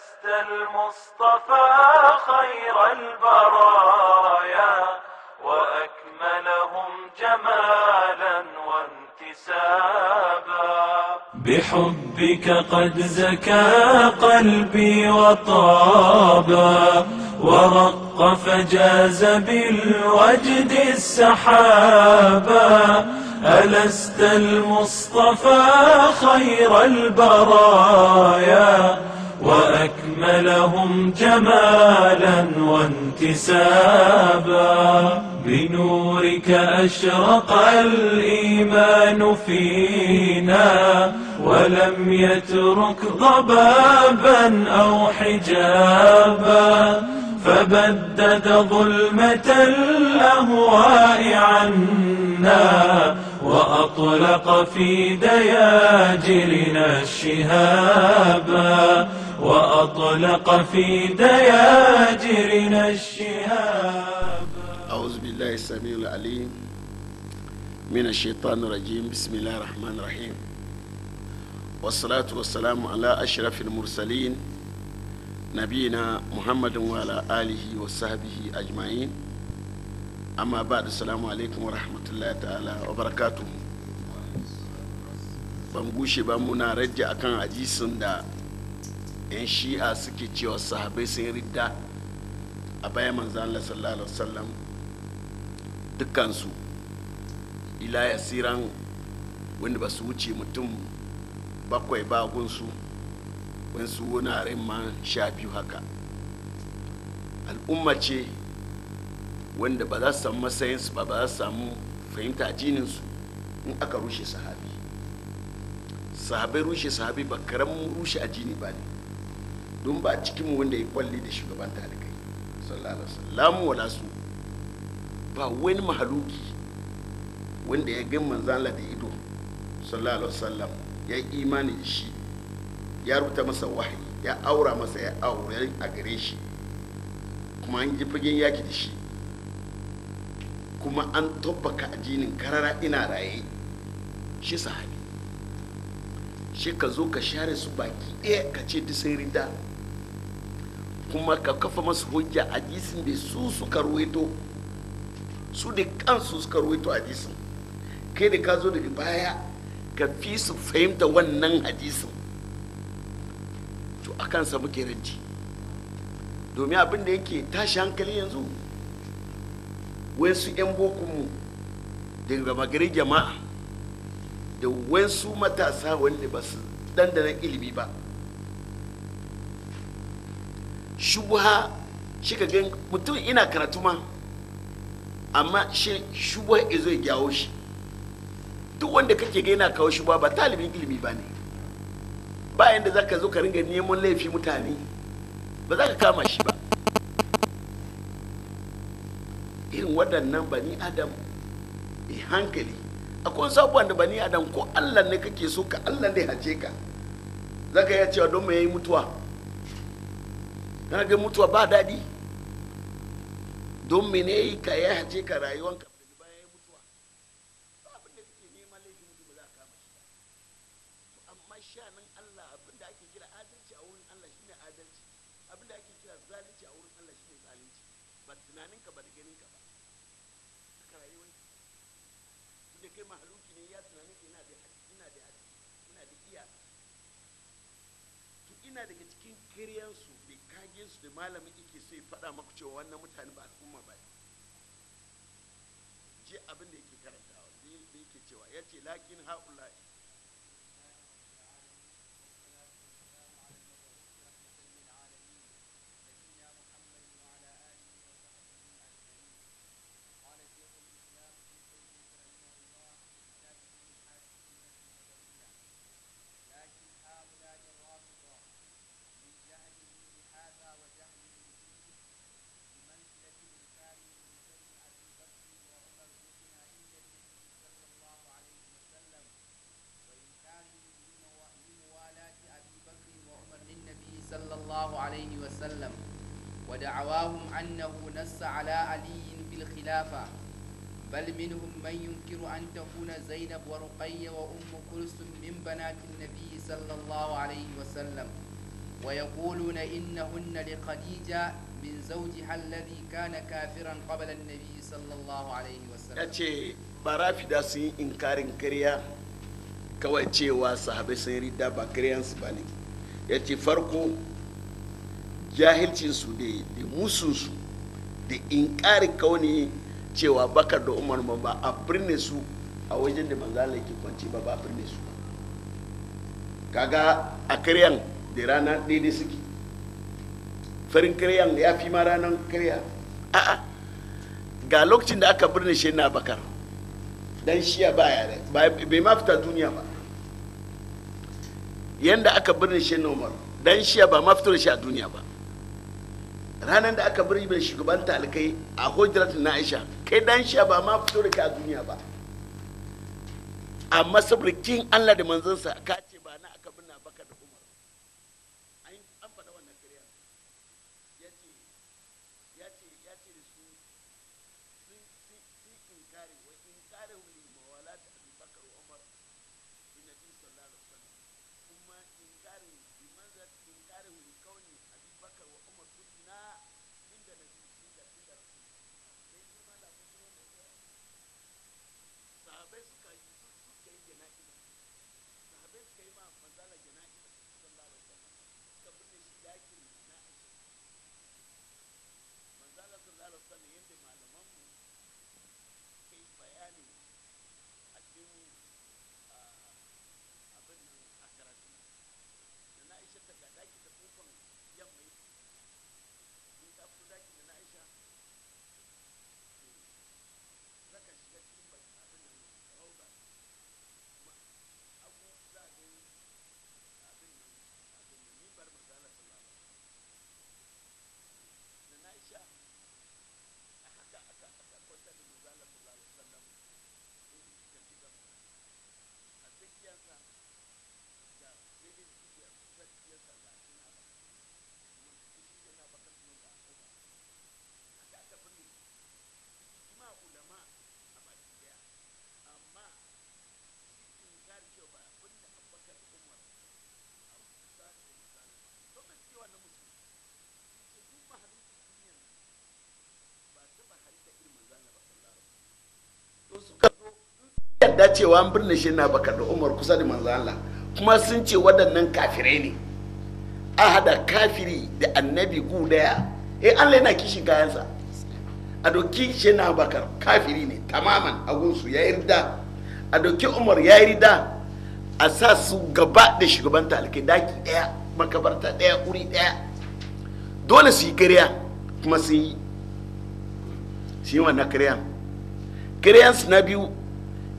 لست المصطفى خير البرايا وأكملهم جمالا وانتسابا بحبك قد زكى قلبي وطابا ورق فجاز بالوجد السحابا ألست المصطفى خير البرايا وأكملهم جمالا وانتسابا بنورك أشرق الإيمان فينا ولم يترك ضبابا أو حجابا فبدد ظلمة الأهواء عنا وأطلق في دياجرنا الشهابا وأطلق في دياجرنا الشهاب أعوذ بالله السميع العليم من الشيطان الرجيم بسم الله الرحمن الرحيم والصلاة والسلام على أشرف المرسلين نبينا محمد وعلى آله وصحبه أجمعين أما بعد السلام عليكم ورحمة الله تعالى وبركاته ban gushe ba muna rajja akan 'yan shi'a suke cewa sahabai sun ridda a bayan manzan Allah sallallahu alaihi wasallam dukkansu ila yasiran wanda ba su wuce mutum bakwai ba gunsu wansu wuraren ma sha biyu haka al'umma ce wanda ba za su samu matsayinsu ba ba za su samu fahimta jininsu in aka rushe sahabi sahabai rushe sahabi ba karamin rushe a jini ba ne don ba cikin wanda ya kwalli da shugaban talibai sallallahu alaihi wala su ba wani mahaluki wanda ya gan manzan da ido sallallahu alaihi wasallam ya imani da shi ya rubuta masa wahayi ya aura masa ya aure a gare shi kuma an ji fagen yaki da shi kuma an tabbaka ajinin karara ina raye shi sahabi shi ka zo ka share su baki ɗaya ka ce ta sai kuma ka kafa masu hujja hadisin da su suka ruwaito su da kansu suka ruwaito hadisin kai da ka zo daga baya ka fi su fahimta wannan hadisin to a kansa muke ranci domin abin da yake tashi hankali yanzu wasu 'yan bokunmu da magari jama'a da wasu matasa wanda ba su dandana ilimi ba shubha shi ka gan mutum ina karatu ma amma shi shubha ya zo ya gyawo shi duk wanda kake ga yana kawo shubha ba talibin ilimi ba ne ba yanda za ka zo ka ringa neman laifi mutane ba za ka kama shi ba irin waɗannan bani adam hankali akwai sabuwan da bani adam ko allah ne kake so ka allah ne hace ka ka iya cewa don me yi mutuwa na ga mutuwa ba daɗi don mene ka ya haje ka rayuwan ka daga bayan mutuwa ba abinda da kake nema laifin mutu ba za a kama shi to amma sha nan Allah abinda ake kira adalci a wurin Allah shine adalci abinda ake kira zalunci a wurin Allah shine zalunci ba tunanin ka ba da ganin ka ba ka rayuwan ka tunda kai mahaluki ne ya tunanin ka ina da haƙƙi ina da haƙƙi ina da iya to ina daga cikin kiryansu cikinsu da malamin ike sai faɗa maku cewa wannan mutane ba al'umma ba je abin da yake karantawa da yake cewa ya ce lakin ha'ula'i أنه نص على علي بالخلافة بل منهم من ينكر أن تكون زينب ورقية وأم كلثوم من بنات النبي صلى الله عليه وسلم ويقولون إنهن لخديجة من زوجها الذي كان كافرا قبل النبي صلى الله عليه وسلم أتي برافي داسي إنكار كريا kawai cewa sahabai sun rida ba kiriyansu ba ne ya ce farko jahilcinsu da musunsu da ƙari kauni cewa baka da umar ba a birne su a wajen da manzala ke kwanci ba ba a birne su kaga a karyan da rana daidai suke farin karyan ya fi ma ranar karya a ga lokacin da aka birne shi na bakar dan shiya ba yare bai ma fita duniya ba yanda aka birne shi na umar dan shiya ba ma fito da shi a duniya ba ranar da aka bari mai shugaban talikai a hujjarta na aisha kai dan sha ba ma fito da ka a duniya ba amma saboda kin allah da manzansa ka cewa an birnin shi na baka da umar kusa da manzo Allah kuma sun ce waɗannan kafirai ne a hada kafiri da annabi gu daya eh Allah yana kishi kayansa a doki shi na baka kafiri ne tamaman gunsu ya rida a doki umar ya rida a sa su gaba da shugaban talikai daki daya makabarta daya wuri daya dole su yi kariya kuma su yi su yi wannan kariyan kariyan su na biyu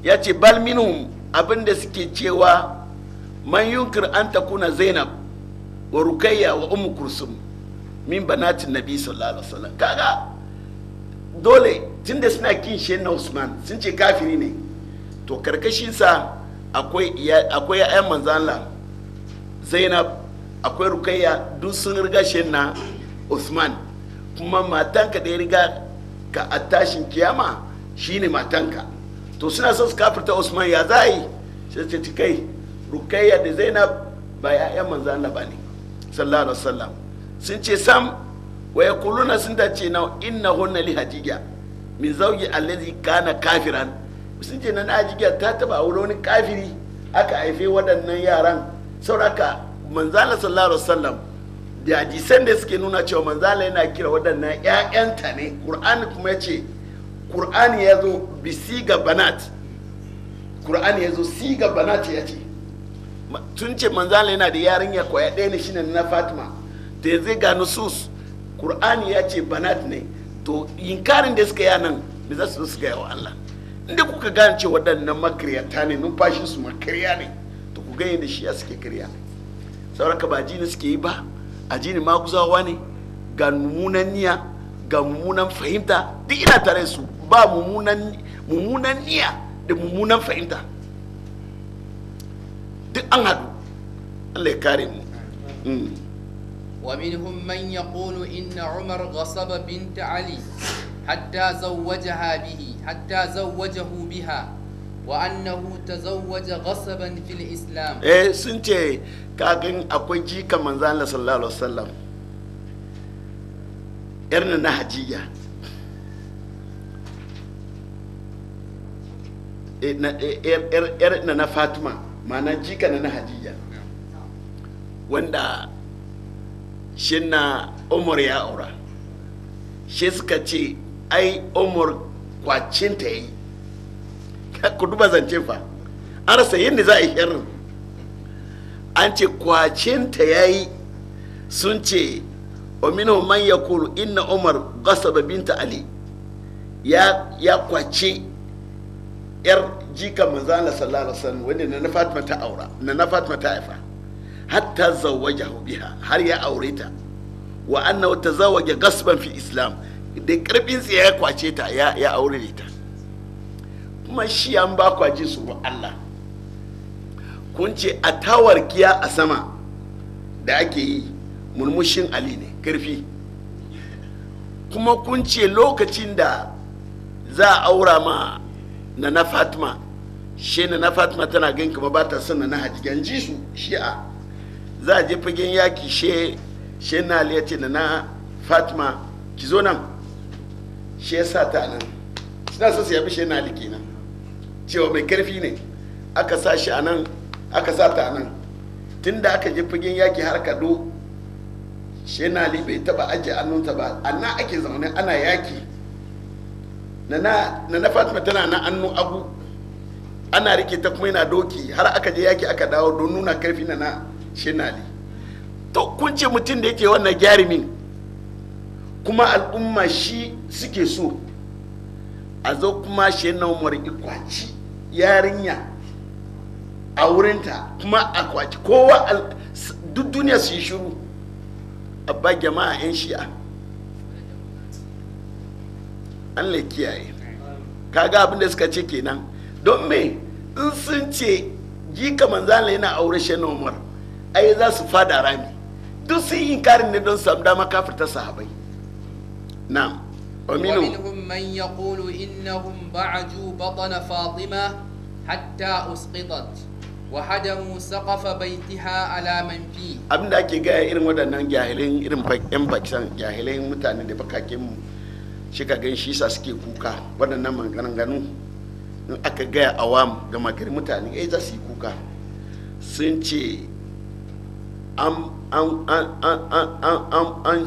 ya ce bal minhum abinda suke cewa man yunkir an takuna zainab wa rukayya wa umu kursum min banatin nabi sallallahu alaihi wasallam kaga dole tunda suna kin shi na usman sun ce kafiri ne to karkashinsa akwai akwai ayyan manzan zainab akwai rukayya duk sun riga shi na usman kuma matanka da ya riga ka a tashin kiyama shine matanka to suna son su kafirta usman ya za yi sai ce ci kai rukayya da zainab ba ya'yan manzo Allah ba ne sallallahu alaihi wasallam sun ce sam wa na sun dace na na hunna li hadiya min zawji allazi kana kafiran sun ce na hajiya ta taba aure wani kafiri aka haife waɗannan yaran sauraka Allah sallallahu alaihi wasallam da hadisan da suke nuna cewa manzala yana kira waɗannan ƴaƴanta ne qur'ani kuma ya ce Kur'ani ya zo bi siga banat Kur'ani ya zo siga banat ya ce tun ce manzala yana da yarinya kwaya ɗaya ne shine na fatima da zai ga nusus Kur'ani ya ce banat ne to yinkarin da suka yanan nan da za su zo suka yi wa allah inda kuka gane ce waɗannan makariyata ne su makariya ne to ku gani da shi ya suke karya sauraka ba jini suke yi ba a jini maguzawa ne ga mummunan niyya ga mummunan fahimta duk ina tare su ba mummunan niyya da mummunan fahimta duk an haɗu allah ya kare mu ومنهم من يقول إن عمر غصب بنت علي حتى زوجها به حتى زوجه بها وأنه تزوج غصبا في الإسلام إيه سنتي كاكين أكوي جيكا منزان صلى الله عليه وسلم إرنا نهجية Eh, eh, eh, yar na na fatima ma'ana jika na na hajiya wanda shi na umar ya aura shi suka ce ai umar kwacin ta yi ku duba zance fa an rasa yadda za a yi sharrin an ce kwacin ta ya yi sun ce ominu man ya kuru inna umar gasa binta ali ya kwace yar jika manzo Allah sallallahu alaihi wasallam wanda na Fatima ta aura na na Fatima ta haifa hatta zawajahu biha har ya aureta ta wa annahu tazawaja gasban fi islam da karfin sa ya kwace ta ya ya aure ta kuma shi an ba kwaji su Allah kun ce a tawarkiya a sama da ake yi murmushin ali ne karfi kuma kun ce lokacin da za a aura ma na na fatima shi na na fatima tana gan kuma ba ta son na hajjan ji su shi'a za a je fagen yaki she she na ya ce na na fatima ki zo nan shi ya sa ta nan suna so su yabi shi na ali kenan cewa mai karfi ne aka sa shi a nan aka sa ta nan tun da aka je fagen yaki har kado shi na ali bai taba ajiye annunta ba a na ake zaune ana yaki na na fatima tana na annu abu ana rike ta kuma yana doki har aka je yaki aka dawo don nuna karfi na na shinali to kun ce mutum da yake wannan gyarumin kuma al'umma shi suke so a zo kuma shi na umar ikwaci yarinya a wurinta kuma a kwaci kowa duk duniya su yi shiru abba jama'a 'yan shi'a allah kiyaye kaga abin da suka ce kenan don me in sun ce jika manzala yana aure shan umar ai za su fada rami duk sun yi karin ne don samu dama kafirta sahabai na'am aminu man yaqulu innahum ba'aju batna fatima hatta usqitat وهدموا سقف بيتها على من فيه abinda ake gaya irin wadannan jahilin irin fakin bakin jahilin mutane da bakakin shi ka gan shi sa suke kuka waɗannan maganganu in aka gaya awam ga makar mutane ai eh, za su yi kuka sun ce an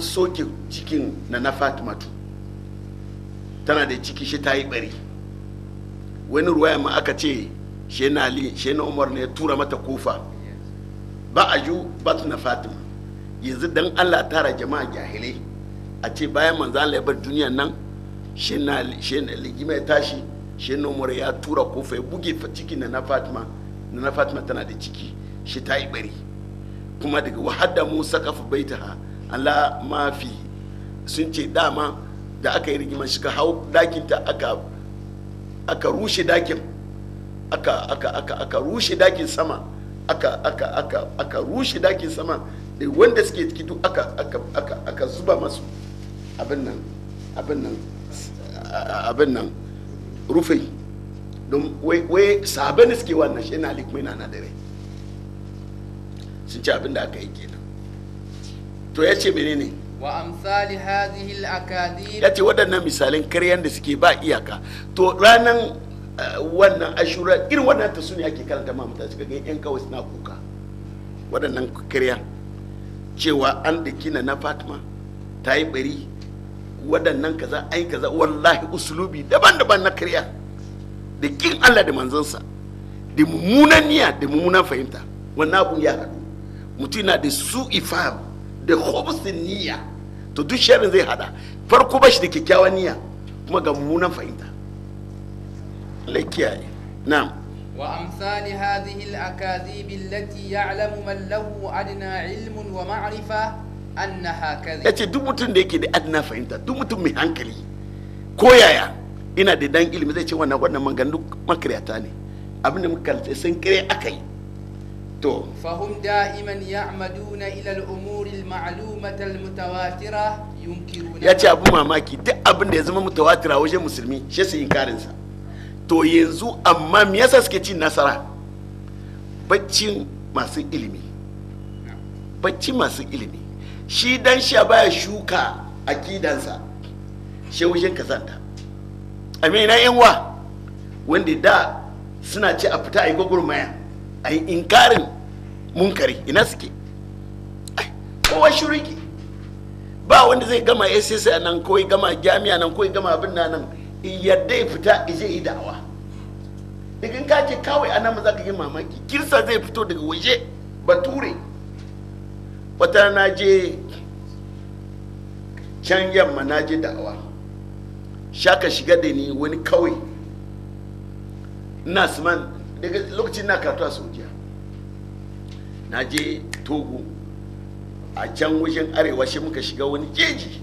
soke cikin na na fatimatu tana da ciki shi ta yi bari wani ruwaya ma aka ce shi na umar ne ya tura mata kofa ba a ju batu na fatima yanzu dan allah tara jama'a jahilai a ce bayan manzo Allah ya bar duniyan nan shi na ligima ya tashi shi na umar ya tura kofa ya buge ciki na na fatima na na fatima tana da ciki shi ta yi bari kuma daga wahadda musa kafa ha Allah mafi sun ce dama da aka yi rigima shi ka hau ta aka aka rushe dakin aka aka aka aka rushe dakin sama aka aka aka aka rushe dakin sama da wanda suke tikitu aka aka aka aka zuba masu abin nan rufe don wai sabon ne suke wannan shi na ali na na dare sun ce abin da aka yi kenan to ya ce ne. wa amsali hadhihi al-akadir ya ce waɗannan misalin karyan da suke ba iyaka to ranan eh, wannan ashura irin wannan ta sune ake karanta ma mutane suka ga yan kawai suna kuka waɗannan karya cewa an da kina na fatima ta yi bari waɗannan kaza ai kaza wallahi usulubi daban-daban na kariya. da kin Allah da manzansa da mummunan niyya da mummunan fahimta wannan abun ya haɗu mutum na da su'i fahim da hobsin niyya to duk sharin zai hada, farko ba shi da kyakkyawan niyya kuma ga mummunan fahimta lakiyaye na'am وأمثال هذه الأكاذيب التي يعلم lahu له ilmun wa ومعرفة ya ce duk mutum da yake da adina fahimta duk mutum mai hankali ko yaya ina da dan ilimi zai ce wannan wannan magana duk makariyata ne abin da muka kalce sun kire aka yi to fahum da'iman ya'maduna ila al-umuri al-ma'lumata al-mutawatira yunkiruna ya ce abu mamaki duk abin da ya zama mutawatira wajen musulmi she su inkarin sa to yanzu amma me yasa suke cin nasara baccin masu ilimi baccin masu ilimi shi dan shi baya shuka a kidansa akidansa shewushin kasanta amina wa wanda da suna ce a fita a yi gwagwarmaya a yi inkarin munkari ina suke kowa shuriki ba wanda zai gama ss a nan kawai gama jami'a nan kawai gama abin nan yadda ya fita ije yi da'awa daga in kace kawai a nan za ka yi mamaki kirsa zai fito daga waje bature wata na je can yamma na je da'awa shaka shiga da ni wani kawai ina suman daga lokacin na karatu a saudiya na je togo a can wajen arewa shi muka shiga wani jeji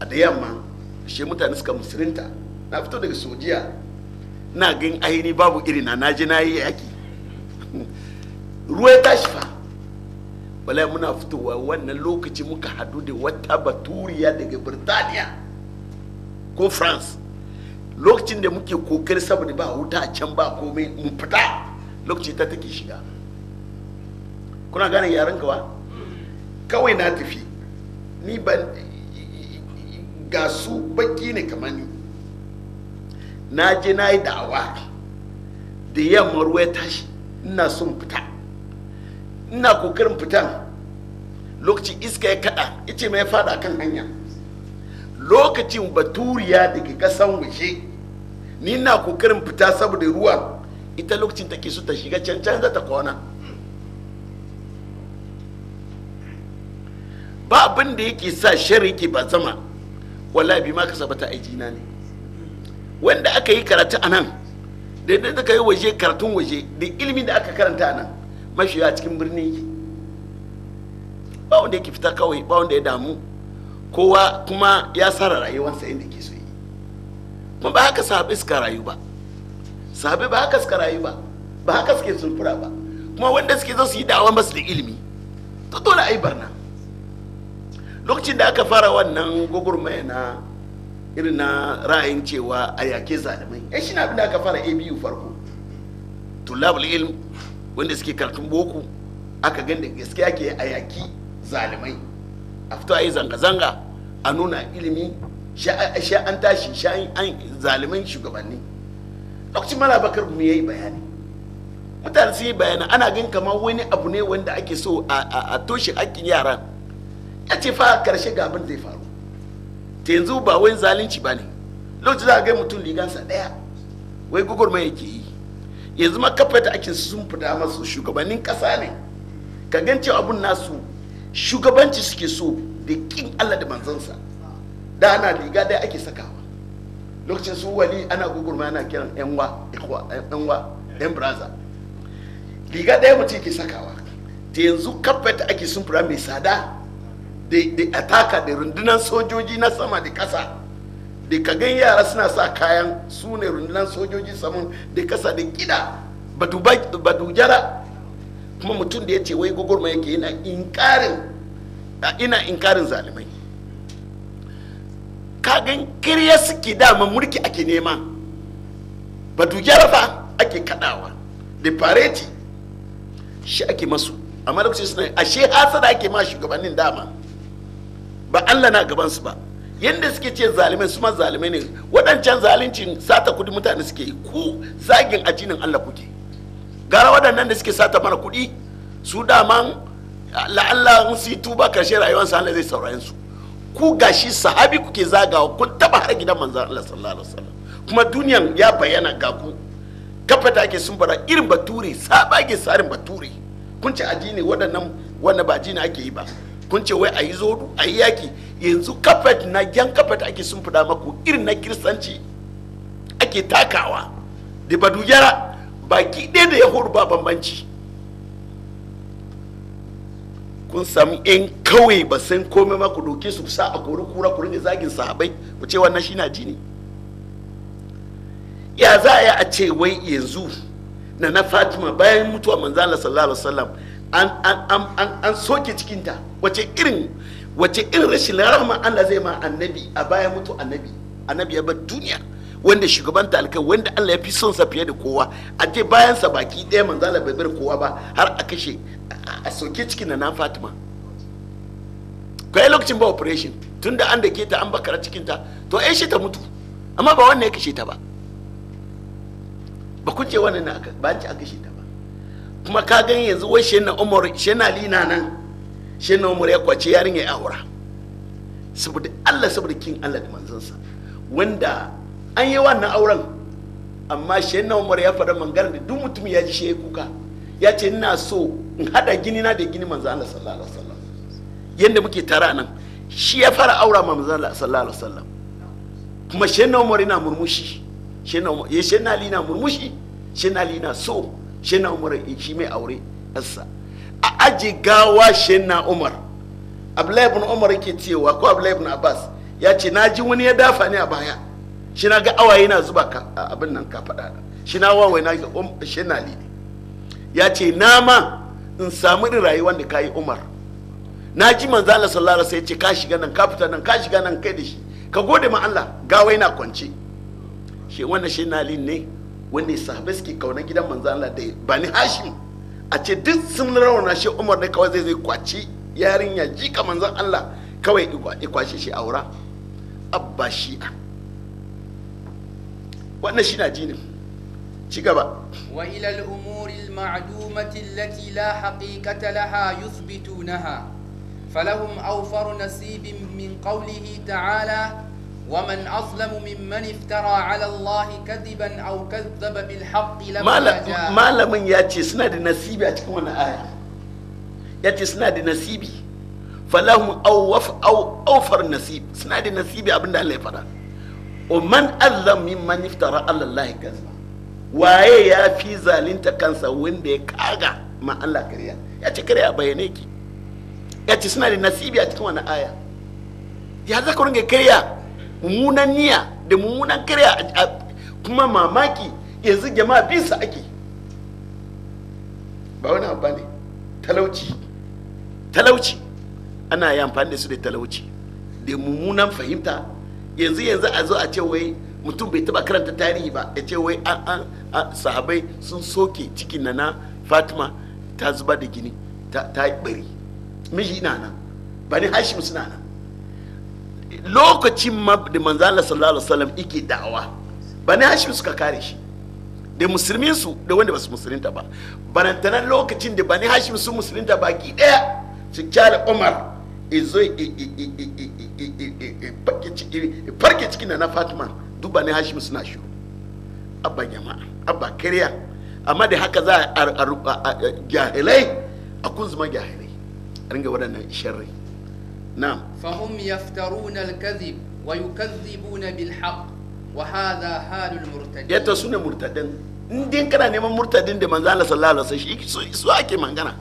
a da yamma shi mutane suka musulunta na fito daga sojiya na gan aini babu irina na je na yi yaki ruwa ya tashi fa bala muna fitowa wannan lokaci muka hadu da wata baturiya daga birtaniya ko france lokacin da muke kokari saboda ba wuta a can ba komai mun fita lokaci ta take shiga kuna gane yaren gawa kawai na tafi ni ban ga su baki ne kamar ni na je na yi da'awa da yamma ruwa ya tashi ina son fita ina kokarin fitan lokaci iska ya kada ice mai fada kan hanya lokacin baturiya daga kasan waje ni na kokarin fita saboda ruwa ita lokacin take so ta shiga can can za ta kona ba abin da yake sa shari yake ba zama wallahi bi ma ka sabata aiki na ne wanda aka yi karatu a nan da yadda ka yi waje karatun waje da ilimin da aka karanta a nan mashi a cikin birni ba wanda yake fita kawai ba wanda ya damu kowa kuma ya tsara rayuwarsa inda ke so yi kuma ba haka sahabi suka rayu ba sahabi ba haka suka rayu ba ba haka suke sulfura ba kuma wanda suke zo su yi da'awa masu da ilimi to dole ai barna lokacin da aka fara wannan gwagwarmaya na irin na ra'ayin cewa a yake zalimai ai shi na abin da aka fara abu farko tulabul ilm wanda suke karatun boko aka da gaskiya ke a yaki zalimai a fito a yi zanga-zanga a nuna ilimi shi an tashi shi an zalimin shugabanni lokacin mana bakar mu ya yi bayani mutane su yi bayani ana gan kamar wani abu ne wanda ake so a toshe hakkin yaran ya ce fa karshe ga abin zai faru ta yanzu ba wani zalunci ba ne lokacin za a ga mutum ligansa ɗaya wai mai yake yi yanzu ma kafa ta ake sun fita masu shugabannin kasa ne ka gan cewa abin nasu shugabanci suke so da kin Allah da manzansa da ana riga da ake sakawa lokacin su wali ana gugurma ana kiran yanwa yanwa yan braza riga da mutum ke sakawa ta yanzu kafet ake sumfura mai sada da ataka da rundunar sojoji na sama da kasa da gan yara suna sa kayan su ne rundunar sojoji saman da kasa da batu jara. kuma mutum da ya ce wai gogorma yake yana inkarin ina inkarin zalimai kagan kirya suke dama mulki ake nema ba fa ake kadawa da fareti shi ake masu amma lokacin suna ashe hasada ake ma shugabannin dama ba allah na gabansu ba yadda suke ce zalimai su ma zalimai ne waɗancan zalincin sata kudi mutane suke yi ku zagin ajinin allah kuke gara waɗannan da suke sata mana kuɗi su daman la'alla in su yi tuba karshe rayuwar sa Allah zai saurayin su ku gashi sahabi kuke zagawa kun taba har gidan manzon Allah sallallahu alaihi wasallam kuma duniyan ya bayyana ga ku kafa take sun bara irin bature ke sarin bature kun ce aji ne waɗannan wanda ba ji ne ake yi ba kun ce wai a yi zodu a yi yaki yanzu kafet na gyan kafet ake sun fada maku irin na kiristanci ake takawa da badujara baki ɗaya da yahudu ba bambanci kun sami yan kawai ba san komai ma ku doke su sa a kori kura ku ringa zagin sahabai ku ce wannan shi na ji ne ya za a yi a ce wai yanzu na na fatima bayan mutuwa manzala sallallahu alaihi wasallam an an an an soke cikinta wace irin wace irin rashin rahama Allah zai ma annabi a bayan mutu annabi annabi ya bar duniya wanda shugaban talikai wanda Allah ya fi son sa fiye da kowa a je bayan sa baki ɗaya manzo la bai bar kowa ba har a kashe a soke cikin na na Fatima kai lokacin ba operation tunda an da ke ta an bakara cikin ta to ai shi ta mutu amma ba wannan ya kashe ta ba ba ku ce wannan na ba ci a kashe ta ba kuma ka gan yanzu wai shi na Umar shi na Lina nan shi na Umar ya kwace yarinya ya aura saboda Allah saboda kin Allah da manzansa wanda an yi wannan auren amma shi na umar ya faɗa mangar da duk mutum ya ji shi ya kuka ya ce ina so in haɗa gini na da gini manzo Allah sallallahu alaihi wasallam yanda muke tare nan shi ya fara aura ma manzo Allah sallallahu alaihi wasallam kuma shi na umar yana murmushi shi na umar eh, shi na ali na murmushi shi na ali na so shi na umar shi mai aure assa a aji gawa shi na umar abdullahi ibn umar yake cewa ko abdullahi ibn abbas ya ce na ji wani ya dafa ne a baya shi na ga awaye na zuba abin nan ka faɗa shi na wai na um, shi na ne ya ce na ma in samu ni rayuwar da ka yi umar na ji manzo Allah sallallahu alaihi wasallam ce ka shiga nan ka fita nan ka shiga nan kai da shi ka gode ma Allah wai na kwance shi wannan shi na ne wanda sahabbai suke kauna gidan manzo Allah da bani hashim a ce duk sun rauna shi umar ne kawai zai zai kwaci yarinya jika manzon Allah kawai ikwashe shi aura abba shi'a wannan shi na jinin ci gaba wa ilal umuril ma'dumati allati la haqiqata laha yuthbitunaha falahum awfaru nasibin min qawlihi ta'ala wa man azlamu mimman iftara ala allahi kadiban aw kadzaba bil haqqi malamin yace suna da nasibi a cikin wannan aya yace suna da nasibi falahum awfaru nasib suna da nasibi abinda Allah ya fara o man min man iftara ala allahi kaza waye ya fi zalinta kansa wanda ya kaga ma Allah kariya ya ce kariya bayyane ki ya ce suna da nasibi a cikin wani aya ya za ka ringa kariya mummunan niyya da mummunan kariya kuma mamaki yanzu jama'a bisa ake ba wani abu ne talauci talauci ana yi amfani da su da talauci da mummunan fahimta yanzu yanzu a zo a ce wai mutum bai taba karanta tarihi ba ya ce wai an an sahabai sun soke cikin na fatima ta zuba da gini ta yi bari miji na nan bani hashim suna nan lokacin da manzala sallallahu alaihi wasallam yake da'awa bani hashim suka kare shi da musulmin su da wanda basu musulunta ba barantanan lokacin da bani hashim sun musulunta baki daya su kyale umar izo farke cikin na fatima duba ne hashim suna shiru abba jama'a abba kariya amma da haka za a jahilai a kun kunzuma jahilai a ringa waɗannan sharri na'am fahum yaftaruna al-kadhib wa yukazzibuna na bilhaq wa hadha halul murtadin yato sune murtadin indin kana neman murtadin da manzo Allah sallallahu alaihi wasallam su ake mangana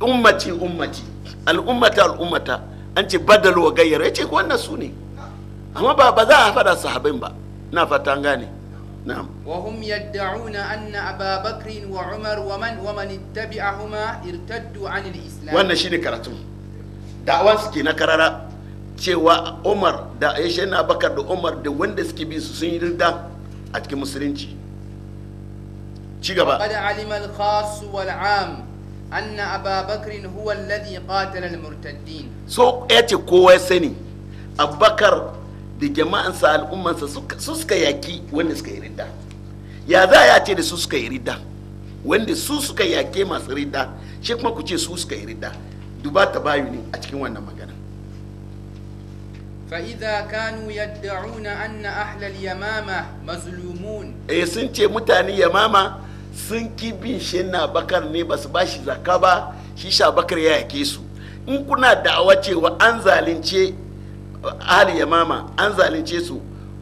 ummati ummati al'ummata al'ummata an ce badalu wa gayyara yace ko wannan su ne amma ba ba za a faɗa sahabin ba na fatan gane na'am wa hum yad'una anna Aba Bakr wa Umar wa man wa man ittabi'ahuma irtaddu 'an al-islam wannan shine karatu da'awan suke na karara cewa Umar da Aisha na Bakar da Umar da wanda suke bi su sun yi ridda a cikin musulunci ci gaba qad alima al-khass wal 'am anna Aba Bakr huwa alladhi qatala al-murtaddin so yace kowa ya sani Abubakar da jama'ansa al'ummansa su suka yaki wanda suka yi ridda ya za ya ce da su suka yi ridda wanda su suka yake masu ridda shi kuma ku ce su suka yi ridda duba ta bayu ne a cikin wannan magana fa'iza kanu yadda'una anna ahlal yamama mazlumun eh sun ce mutane yamama sun ki bin shi na bakar ne ba su ba shi zaka ba shi sha bakar ya yake su in kuna da'awa cewa an zalunce ahli yamama an zalunce su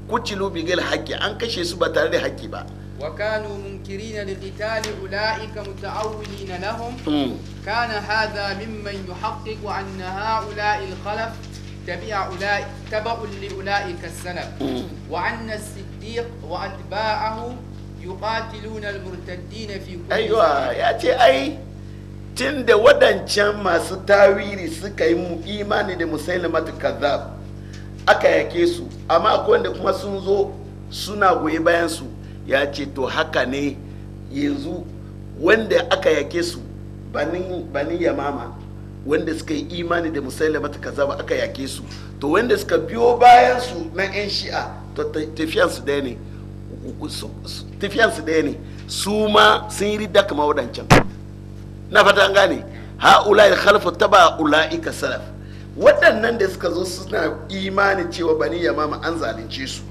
kucilu bigil haƙƙi an kashe su ba tare da haƙƙi ba wa kanu munkirina li qitali ulaika muta'awwilina lahum hmm. kana hadha mimman yuhaqqiqu anna haula al khalaf tabi'a ulai tabu ulaika sanab hmm. wa anna as-siddiq wa atba'ahu yuqatiluna al na fi kulli aywa ya ce ai tinda wadancan masu tawiri suka yi imani da musailamatu kadhab aka yake su amma akwai wanda kuma sun zo suna goyi bayan su ya ce to haka ne yanzu wanda aka yake su banin yamama wanda suka yi imani da musayi ta kaza ba aka yake su to wanda suka biyo bayansu su na yan shi'a to tafiyansu daya ne daya ne su ma sun yi ridda kama wadancan na fata gane ha'ula ya khalfa taba ula'ika salaf waɗannan da suka zo suna imanin cewa bani ya mama an zalunce su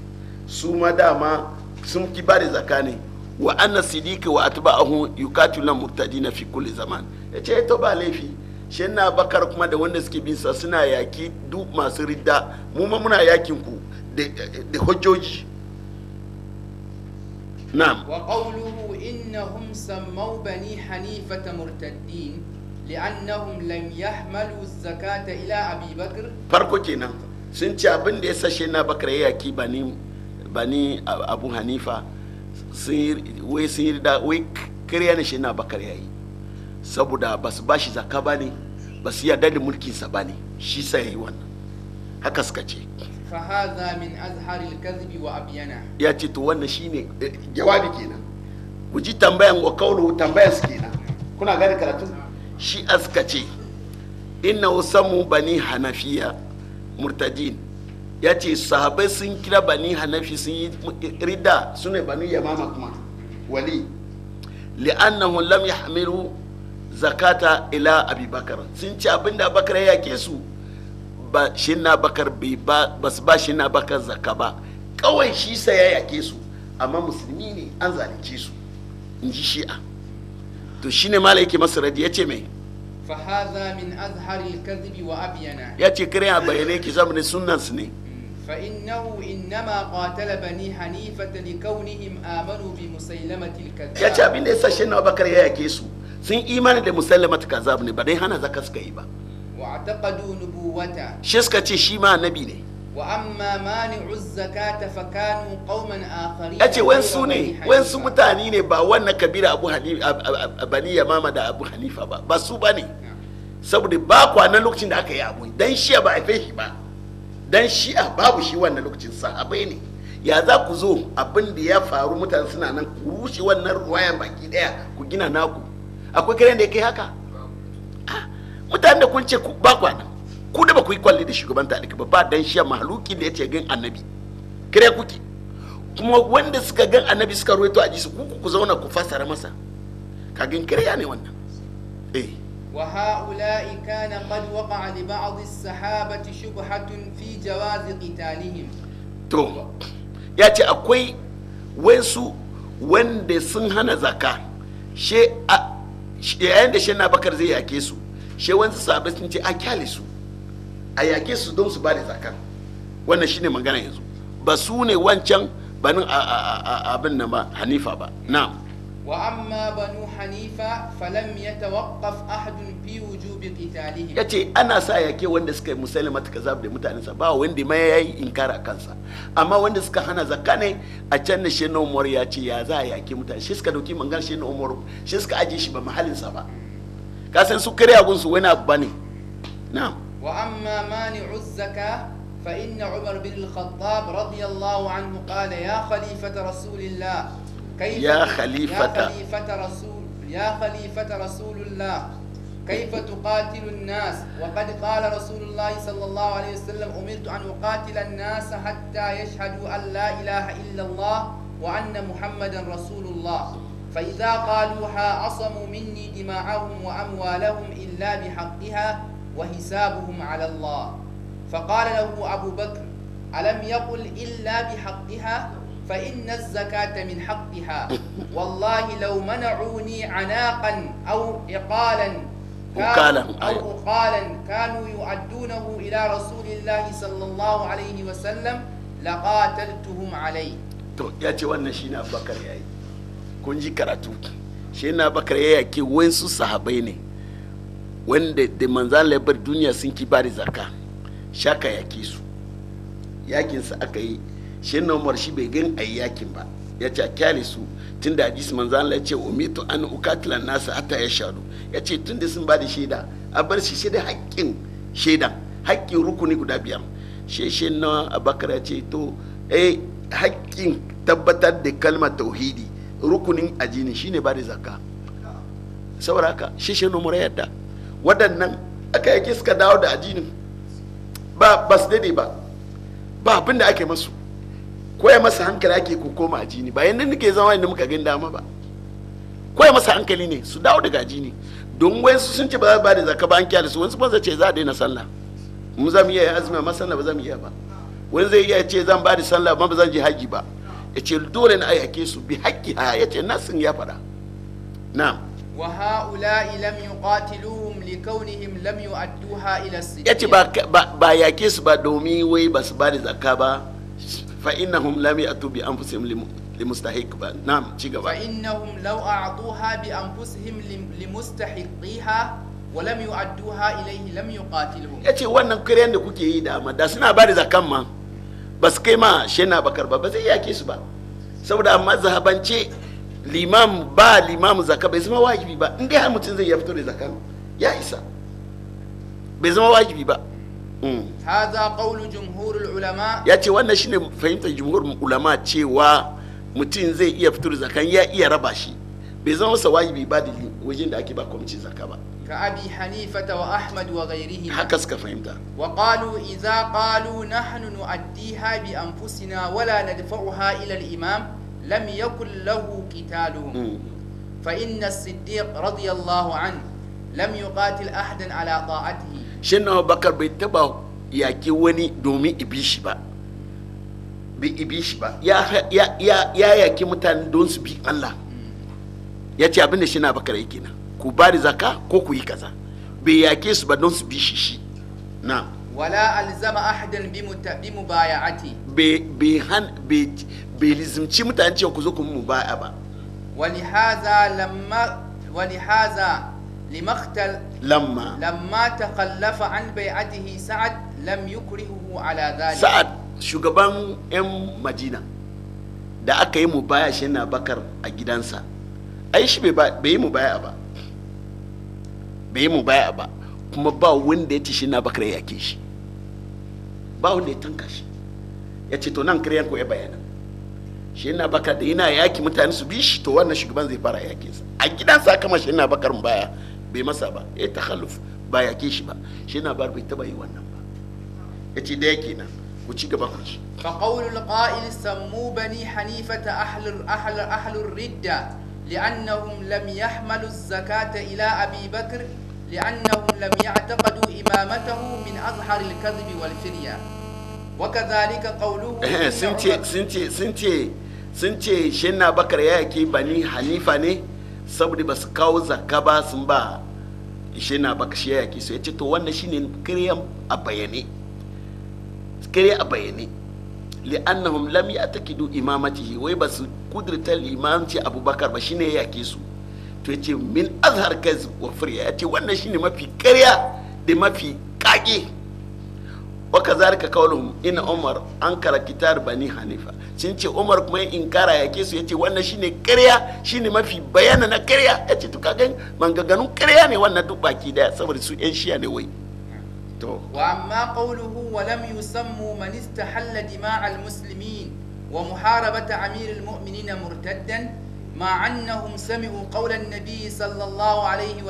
su ma dama sun ki bada zaka ne wa anna sidiki wa atba'ahu yuqatiluna na fi kulli zaman yace eh, to ba laifi shi na bakar kuma da wanda suke bin sa suna yaki duk masu ridda mu ma muna yakin ku da hujjoji na wa qawluhu innahum sammaw bani hanifata murtaddin li'annahum lam yahmalu zakata ila abi bakr farko kenan sun ci abin da ya sashe na ya yaki bani bani hanifa wai sun yi da wai kariya ne shi saboda ba su bashi zakka ba ne ba su yarda da mulkin ba shi sai yayi haka suka ce fahaza min azharil kadhibi wa abyana ya ce to wannan shine eh, jawabi kenan ku ji tambayan wa qawluhu tambayan su kenan kuna gane karatu shi aska ce inna samu bani hanafiya murtadin ya ce sahabai sun kira bani hanafi sun yi rida su ne bani yamama kuma wali li'annahu lam ya hamilu zakata ila abubakar sun ci abinda abubakar ya yake su ba shi na bakar ba su ba shi na bakar zaka ba kawai shi sa ya yake su amma musulmi ne an zalunce su in ji shi'a to shine mala yake masa radi yace mai fahaza min azharil kadhibi wa abyana ce kare a bayyane ki zamu ne sunnan su ne fa innahu innama qatala bani hanifa li kaunihim amanu bi musailamatil kadhib abin da yasa na Abubakar ya yake su sun imani da musailamatil kadhib ne ba dai hana zaka suka yi ba wa taqadu nubuwata shi suka ce shi ma annabi ne wa amma mani'u ta fa kanu qauman akharin yace wansu ne wansu mutane ne ba wannan kabila abu hanifa bani yamama da abu hanifa ba ba su ne saboda ba kwanan lokacin da aka yi abu dan shi ba a shi ba dan a babu shi wannan lokacin sahabai ne ya za ku zo abin da ya faru mutane suna nan ku rushe wannan ruwayan baki daya ku gina naku akwai kiran da ya kai haka ah, mutane da kun ce ba kwanan ku da ba ku yi kwalli da shugaban taliki ba ba dan shiya mahaluki da ya ce gan annabi kare kuke kuma wanda suka gan annabi suka ruwaito a jisu ku ku zauna ku fasara masa kagin kirya ne wannan eh qad waqa'a li ba'd as-sahabati shubhatun fi jawaz qitalihim to ya ce akwai wensu wanda sun hana zaka she yayin da shi na bakar zai yake su she wansu sabai sun ce a kyale su a yake su don su ba da zakan wannan shine magana yanzu ba su ne wancan banin abin nan ba hanifa ba na wa amma banu hanifa falam yatawaqqaf ahadun fi wujubi qitalihim yace ana sa yake wanda suka yi musalima ta kazab da mutanen sa ba wanda ma yayi inkara kansa amma wanda suka hana zakka ne a can ne shehu Umar ya ce ya za a yake mutane shi suka dauki mangan shehu Umar shi suka aje shi ba mahallin sa ba kasan su kare gunsu wani abu bane na'am وأما مانع الزكاة فإن عمر بن الخطاب رضي الله عنه قال يا خليفة رسول الله كيف يا خليفة يا خليفة رسول يا خليفة رسول الله كيف تقاتل الناس وقد قال رسول الله صلى الله عليه وسلم أمرت أن أقاتل الناس حتى يشهدوا أن لا إله إلا الله وأن محمدا رسول الله فإذا قالوها عصموا مني دماءهم وأموالهم إلا بحقها وحسابهم على الله فقال له أبو بكر ألم يقل إلا بحقها فإن الزكاة من حقها والله لو منعوني عناقا أو إقالا كانوا أو أقالا كانوا يؤدونه إلى رسول الله صلى الله عليه وسلم لقاتلتهم عليه يا ya ce wannan يا na bakar ya yi kun ji karatu shi na bakar ya wanda da manzan labar duniya sun ki bari zaka shaka yaki su yakin sa aka yi shi na umar shi bai gan ayi yakin ba ya ce kyale su tun da hadisi manzan Allah ce ce umitu an ukatila nasa hata ya sharu ya ce tun da sun bada shaida a bar shi shaida haƙƙin shaida haƙƙin rukuni guda biyar sheshe na abakar ya ce to eh haƙƙin tabbatar da kalmar tauhidi rukunin ajini shine bada zakka saboda haka sheshe na mura yadda waɗannan aka yake suka dawo da addinin ba ba su daidai ba ba abin da ake masu koya masa hankali ake ko koma addini ba yanda nake zama inda muka gani dama ba koya masa hankali ne su dawo daga addini don wayansu sun ce ba za ba da zaka ba an kyale su wayansu ba ce za a daina sallah mu za mu iya azumi amma sallah ba za mu iya ba wani zai iya ce zan ba da sallah amma ba zan je haji ba ya ce dole na ayyake su bi haƙƙi ha ya ce nasin ya faɗa na'am wa ha'ula'i lam yuqatiluhum likaunihim lam yu'adduha ila siddiq ba ba yake su ba domin wai ba su bada zakka ba fa innahum lam ya'tu bi anfusihim limustahiq ba na'am ci gaba fa innahum law a'tuha bi wa wannan kiran da kuke yi da amma da suna bari zakkan ma ba su kai ma shena bakar ba ba zai yake su ba saboda amma zahabance limam ba limam zaka bai zama wajibi ba in dai har mutum zai ya fito da zakan ya isa bai zama wajibi ba mm. hadha qawlu jumhurul ulama ya ce wannan shine fahimtar jumhurul ulama cewa mutum zai iya fito da zakan ya iya raba shi bai zama masa wajibi ba da wajen da ake ba kwamitin zaka ba ka abi hanifata wa ahmad wa ghairihi haka suka fahimta wa qalu idza qalu nahnu nu'addiha bi anfusina wala nadfa'uha ila al-imam lam yakul lahu qitaluhum fa inna as-siddiq radiyallahu an lam yuqatil ahadan ala ta'atihi shin Abubakar bai taba yaki wani domin ibishi ba bi ibishi ba ya yaki mutane don su bi Allah ya ce abinda shi na bakar yake nan ku ba da ko kuyi yi kaza bai yake su ba don su bi shi shi na wala alzama ahadan bi bai bai mutane cewa ku zo ku mu baya ba ولهذا لما lamma. لمقتل لما لما تخلف عن بيعته سعد لم يكرهه على ذلك سعد shugaban 'yan madina da aka yi mubaya shi na bakar a gidansa ai shi bai yi mubaya ba bai yi baya ba kuma ba wanda ya ci shi na bakar ya yake shi ba wanda ya tanka shi ya ce to nan kiryan ko ya bayana shi yana bakar da yana yaki mutane su bi shi to wannan shugaban zai fara yakin sa a gidansa kama shi yana bakar baya bai masa ba ya takhalluf ba yake shi ba shi yana bar bai taba yi wannan ba yace da yake nan ku ci gaba ku ci fa qawlul qa'il sammu bani hanifata ahlul ahlul ahlur ridda لأنهم لم يحملوا الزكاة إلى أبي بكر لأنهم لم يعتقدوا إمامته من أظهر الكذب والفرية وكذلك قوله سنتي سنتي سنتي sun ce na bakar ya yake bani hanifa ne saboda ba su kawo zakka ba sun ba na bakar shi ya yake su ya ce to wannan shi ne kiriya a bayane kirya a bayane li'annahum lam ya'taqidu imamatihi wai ba su kudurta limanci abubakar ba shine ya yake su to ya ce min azhar kaz wa firya ce wannan shi ne mafi karya da mafi kage waka zalika kauluhum in umar an kara kitar bani hanifa sun umar kuma in kara yake su yace wannan shine karya shine mafi bayana na karya yace to ka karya ne wannan duk baki daya saboda su yan shiya ne wai to wa amma qawluhu wa lam yusammu man istahalla dima'al muslimin wa muharabata amiril mu'minina murtaddan مع أنهم سمعوا قول النبي صلى الله عليه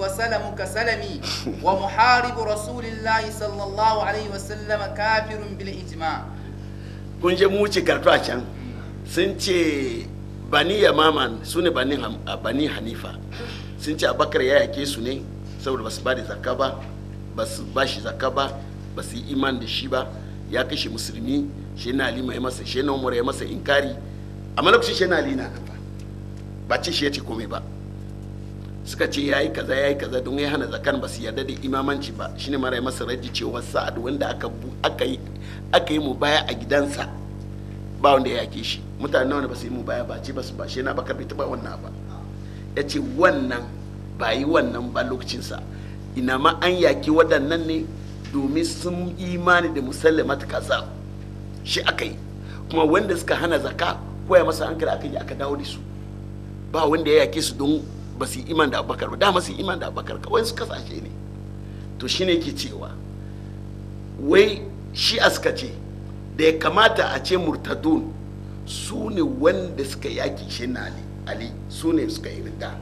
wa salamuka salami wa muharibu رسول sallallahu alaihi wa sallama kafirun bil ijma kun je muci wuce karatu a can sun ce bani yamaman su ne bani hanifa sun ce abakar ya yake su ne saboda basu ba da zakka ba basu ba shi zakka ba basu yi iman da shi ba ya kashe musulmi shi na ali mai masa shi na umar ya masa inkari amma lokacin shi na ali na ba ba ce shi ya ce komai ba suka ce yayi kaza yayi kaza don ya hana zakan ba su yarda da imamanci ba shine mara masa raji cewa sa'ad wanda aka aka yi aka yi mu baya a gidansa ba wanda ya yake shi mutane nawa ba su yi mu baya ba ce ba su ba shi na baka bai taba wannan ba ya ce wannan ba yi wannan ba lokacinsa ina ma an yaki waɗannan ne domin sun imani da matuka kaza shi aka yi kuma wanda suka hana zaka koya masa hankali aka yi aka dawo da su ba wanda ya yake su don ba su iman da abubakar ba dama su iman da abubakar kawai su kasashe ne to shi ne ke cewa wai shi aska ce da ya kamata a ce murtadun su ne wanda suka yaki shi na ali ali su ne suka yi rinda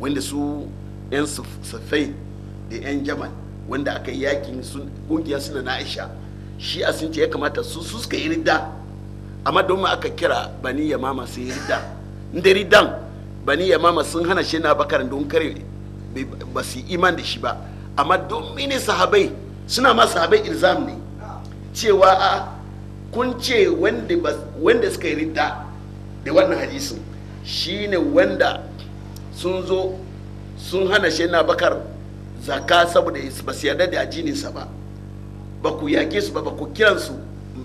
wanda su yan safai da yan jaman wanda aka yi yakin kungiyar suna na aisha shi a sun ce ya kamata su suka yi rinda amma domin aka kira bani ya mama sai yi rinda n'dar'i dan. bani mama sun hana shi na bakar don kare ba su iman da shi ba amma domin sahabai suna ma sahabai ilzam ne cewa a kun ce wanda suka yi ridda da wannan hadisin shine wanda sun zo sun hana shi na bakar zaka saboda ba su yarda da ajininsa ba ba ku yake su ba ba ku su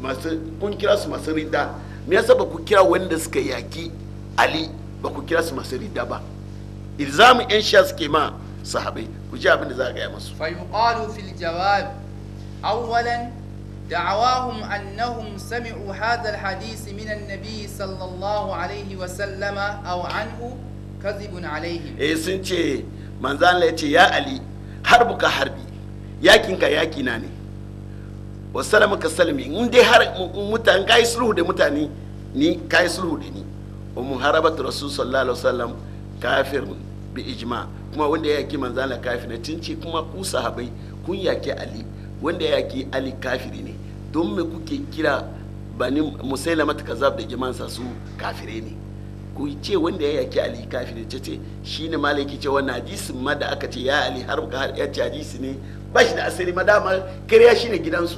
masu kun kira su masu ridda me yasa ba ku kira wanda suka yaki ali ba ku kira su masu rida ba ilzamin yan sha suke ma sahabai ku ji abin da za a gaya masu fa yuqalu fil jawab awwalan دعواهم أنهم سمعوا هذا hadisi من النبي صلى الله عليه وسلم أو عنه كذب عليهم إيه سنتي من ذا يا علي حربك حربي yakinka yakina ne wasalama ka salami in dai har mutan kai sulhu da mutane ni kai sulhu da ni muharabat rasul sallallahu alaihi wasallam kafir bi ijma kuma wanda kuma ku sahabai kun yaki ali wanda yaki ali kafiri ne don me kuke kira bani musailama kazab da jamansa su kafire ne ku wanda ya yaki ali kafiri ce ce shine malaki ce wannan hadisin ma da aka ce ya ali har ya ce hadisi ne ba da asali ma dama kariya shine gidansu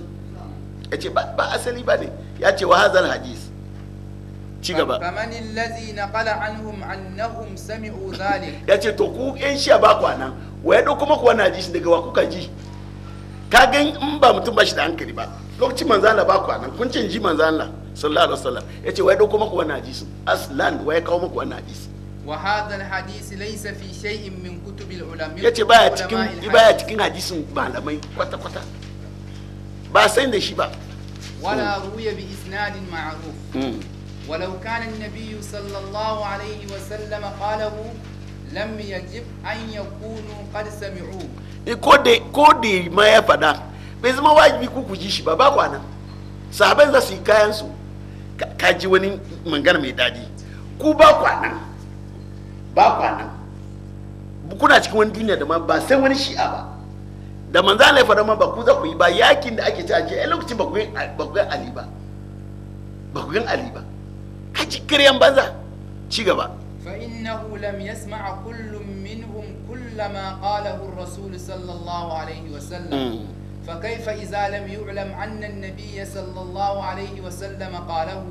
ya ce ba asali ba ya ce wa hazal hadis ci gaba ya ce to ku yan shi ba ku nan waya ɗau kuma kuwa na ji shi daga wa kuka ji ka gan in ba mutum ba shi da hankali ba lokacin manzala ba ku nan kun cin ji manzala sallallahu alaihi wasallam ya ce waya ɗau kuma kuwa na ji su aslan waya kawo muku wannan hadisi wa hadha alhadith laysa fi shay'in min kutub alulama yace baya cikin baya cikin hadisin malamai kwata kwata ba sai da shi ba wala ruya bi isnadin ma'ruf hmm. ولو كان النبي صلى الله عليه وسلم قاله lam yajib an yakunu qad sami'u ko da ko da ma ya fada bai zama wajibi ku ku ji ba ba za su yi kayan mai daɗi ku kuna cikin wani duniya da ma ba sai wani shi'a ba da manzo Allah ya fada ba ku za ku yi ba yakin da ake ci a ce a lokacin ba ku ga Ali ba ba ku ga Ali ba kaci kiryan banza ci gaba فإنه لم يسمع كل منهم كل ما قاله الرسول صلى الله عليه وسلم فكيف إذا لم يعلم أن النبي صلى الله عليه وسلم قاله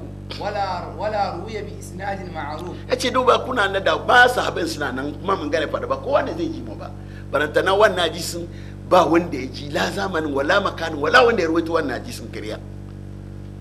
ولا ولا روي بإسناد معروف da ba sahabin suna nan kuma mun gane fada ba kowa ne zai ji mu ba baranta na wannan ji sun ba wanda ya ji la zamanin wala makanin wala wanda ya rawaito wannan ji sun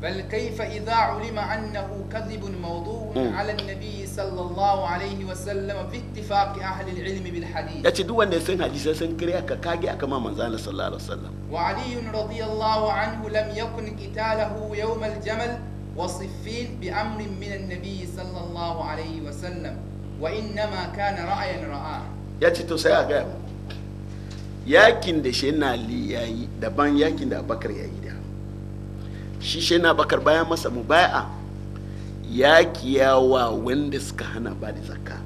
بل كيف إذا علم أنه كذب موضوع على النبي صلى الله عليه وسلم في اتفاق أهل العلم بالحديث يأتي دو أن يسن حديثة سن كريا كاجي أكما منزان صلى الله عليه وسلم وعلي رضي الله عنه لم يكن قتاله يوم الجمل وصفين بأمر من النبي صلى الله عليه وسلم وإنما كان رأيا رآه يأتي تسيا غير yakin da لي na ali yayi daban yakin da abakar shi shi na bakar bayan masa baya ya kiyawa wanda suka hana ba da zakka